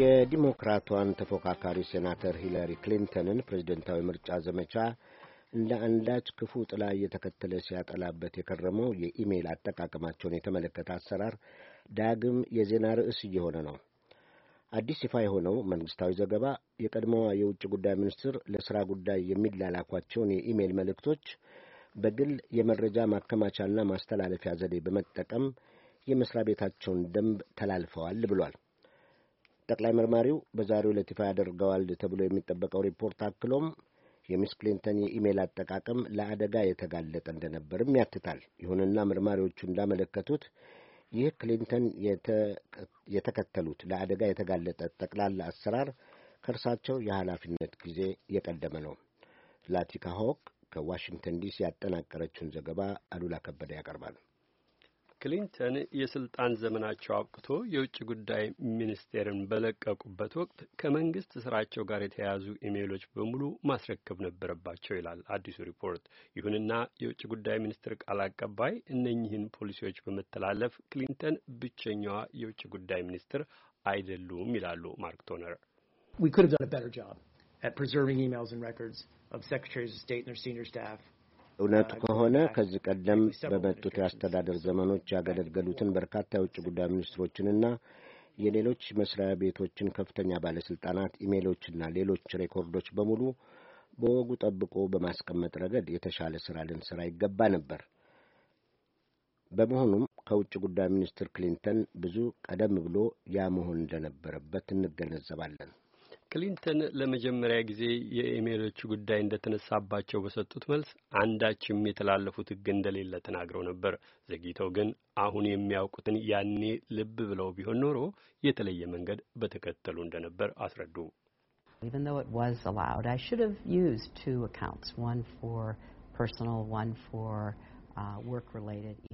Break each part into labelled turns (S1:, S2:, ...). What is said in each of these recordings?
S1: የዲሞክራቷን ተፎካካሪ ሴናተር ሂላሪ ክሊንተንን ፕሬዝደንታዊ ምርጫ ዘመቻ እንደ አንዳች ክፉ ጥላ እየተከተለ ሲያጠላበት የከረመው የኢሜይል አጠቃቀማቸውን የተመለከተ አሰራር ዳግም የዜና ርዕስ እየሆነ ነው። አዲስ ይፋ የሆነው መንግስታዊ ዘገባ የቀድሞዋ የውጭ ጉዳይ ሚኒስትር ለስራ ጉዳይ የሚላላኳቸውን የኢሜይል መልእክቶች በግል የመረጃ ማከማቻና ማስተላለፊያ ዘዴ በመጠቀም የመስሪያ ቤታቸውን ደንብ ተላልፈዋል ብሏል። ጠቅላይ መርማሪው በዛሬው ዕለት ይፋ ያደርገዋል ተብሎ የሚጠበቀው ሪፖርት አክሎም የሚስ ክሊንተን የኢሜይል አጠቃቀም ለአደጋ የተጋለጠ እንደነበርም ያትታል። ይሁንና መርማሪዎቹ እንዳመለከቱት ይህ ክሊንተን የተከተሉት ለአደጋ የተጋለጠ ጠቅላላ አሰራር ከእርሳቸው የኃላፊነት ጊዜ የቀደመ ነው። ላቲካ ሆክ ከዋሽንግተን ዲሲ ያጠናቀረችውን ዘገባ አሉላ ከበደ ያቀርባል።
S2: ክሊንተን የስልጣን ዘመናቸው አብቅቶ የውጭ ጉዳይ ሚኒስቴርን በለቀቁበት ወቅት ከመንግስት ስራቸው ጋር የተያያዙ ኢሜሎች በሙሉ ማስረከብ ነበረባቸው ይላል አዲሱ ሪፖርት። ይሁንና የውጭ ጉዳይ ሚኒስትር ቃል አቀባይ እነኚህን ፖሊሲዎች በመተላለፍ ክሊንተን ብቸኛዋ የውጭ ጉዳይ ሚኒስትር አይደሉም ይላሉ ማርክ ቶነር። We could have done a better job at preserving emails and records of secretaries of state and their senior staff.
S1: እውነቱ ከሆነ ከዚህ ቀደም በመጡት የአስተዳደር ዘመኖች ያገለገሉትን በርካታ የውጭ ጉዳይ ሚኒስትሮችንና የሌሎች መስሪያ ቤቶችን ከፍተኛ ባለስልጣናት ኢሜሎችና ሌሎች ሬኮርዶች በሙሉ በወጉ ጠብቆ በማስቀመጥ ረገድ የተሻለ ስራ ልንሰራ ይገባ ነበር። በመሆኑም ከውጭ ጉዳይ ሚኒስትር ክሊንተን ብዙ ቀደም ብሎ ያ መሆን እንደነበረበት እንገነዘባለን።
S2: ክሊንተን ለመጀመሪያ ጊዜ የኢሜሎቹ ጉዳይ እንደተነሳባቸው በሰጡት መልስ አንዳችም የተላለፉት ሕግ እንደሌለ ተናግረው ነበር። ዘግይተው ግን አሁን የሚያውቁትን ያኔ ልብ ብለው ቢሆን ኖሮ የተለየ መንገድ በተከተሉ እንደነበር አስረዱ።
S3: Uh,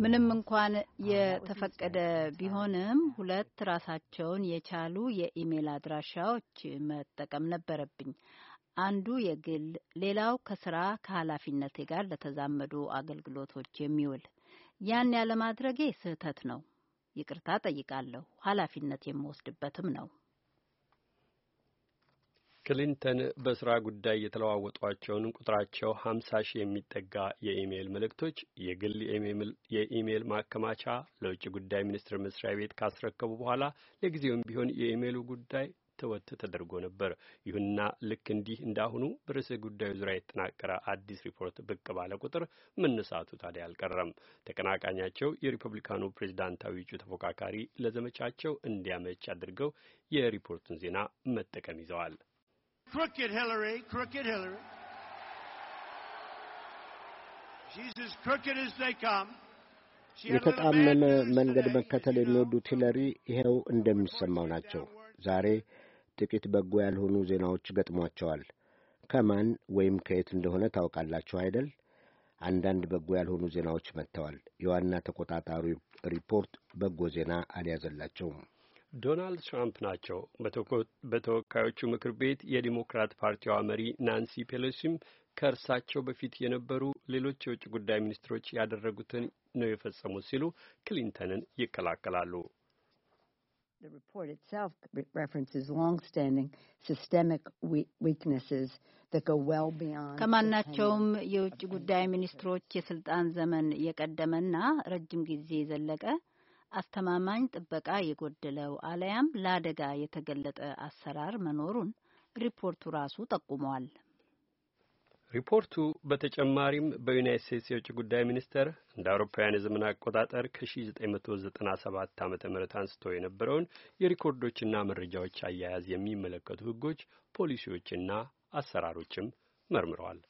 S3: ምንም እንኳን uh, የተፈቀደ uh, ቢሆንም ሁለት ራሳቸውን የቻሉ የኢሜል አድራሻዎች መጠቀም ነበረብኝ። አንዱ የግል ሌላው ከስራ ከኃላፊነቴ ጋር ለተዛመዱ አገልግሎቶች የሚውል። ያን ያለማድረጌ ስህተት ነው። ይቅርታ ጠይቃለሁ። ኃላፊነት የምወስድበትም ነው።
S2: ክሊንተን በስራ ጉዳይ የተለዋወጧቸውን ቁጥራቸው ሀምሳ ሺህ የሚጠጋ የኢሜይል መልእክቶች የግል የኢሜይል ማከማቻ ለውጭ ጉዳይ ሚኒስትር መስሪያ ቤት ካስረከቡ በኋላ ለጊዜውም ቢሆን የኢሜይሉ ጉዳይ ተወት ተደርጎ ነበር። ይሁንና ልክ እንዲህ እንዳሁኑ በርዕሰ ጉዳዩ ዙሪያ የተጠናቀረ አዲስ ሪፖርት ብቅ ባለ ቁጥር መነሳቱ ታዲያ አልቀረም። ተቀናቃኛቸው የሪፐብሊካኑ ፕሬዚዳንታዊ እጩ ተፎካካሪ ለዘመቻቸው እንዲያመች አድርገው የሪፖርቱን ዜና መጠቀም ይዘዋል። Crooked Hillary, crooked Hillary. She's as crooked as they come. የተጣመመ
S1: መንገድ መከተል uh, የሚወዱት ሂለሪ ይኸው እንደሚሰማው ናቸው። ዛሬ ጥቂት በጎ ያልሆኑ ዜናዎች ገጥሟቸዋል። ከማን ወይም ከየት እንደሆነ ታውቃላችሁ አይደል? አንዳንድ በጎ ያልሆኑ ዜናዎች መጥተዋል። የዋና ተቆጣጣሪ ሪፖርት በጎ ዜና አልያዘላቸውም።
S2: ዶናልድ ትራምፕ ናቸው። በተወካዮቹ ምክር ቤት የዲሞክራት ፓርቲዋ መሪ ናንሲ ፔሎሲም ከእርሳቸው በፊት የነበሩ ሌሎች የውጭ ጉዳይ ሚኒስትሮች ያደረጉትን ነው የፈጸሙት ሲሉ ክሊንተንን ይከላከላሉ።
S3: The report itself references long-standing systemic weaknesses that go well beyond ከማናቸውም የውጭ ጉዳይ ሚኒስትሮች የስልጣን ዘመን የቀደመና ረጅም ጊዜ የዘለቀ አስተማማኝ ጥበቃ የጎደለው አለያም ለአደጋ የተገለጠ አሰራር መኖሩን ሪፖርቱ ራሱ ጠቁሟል።
S2: ሪፖርቱ በተጨማሪም በዩናይት ስቴትስ የውጭ ጉዳይ ሚኒስቴር እንደ አውሮፓውያን የዘመን አቆጣጠር ከ1997 ዓ ም አንስቶ የነበረውን የሪኮርዶችና መረጃዎች አያያዝ የሚመለከቱ ህጎች፣ ፖሊሲዎችና አሰራሮችም መርምረዋል።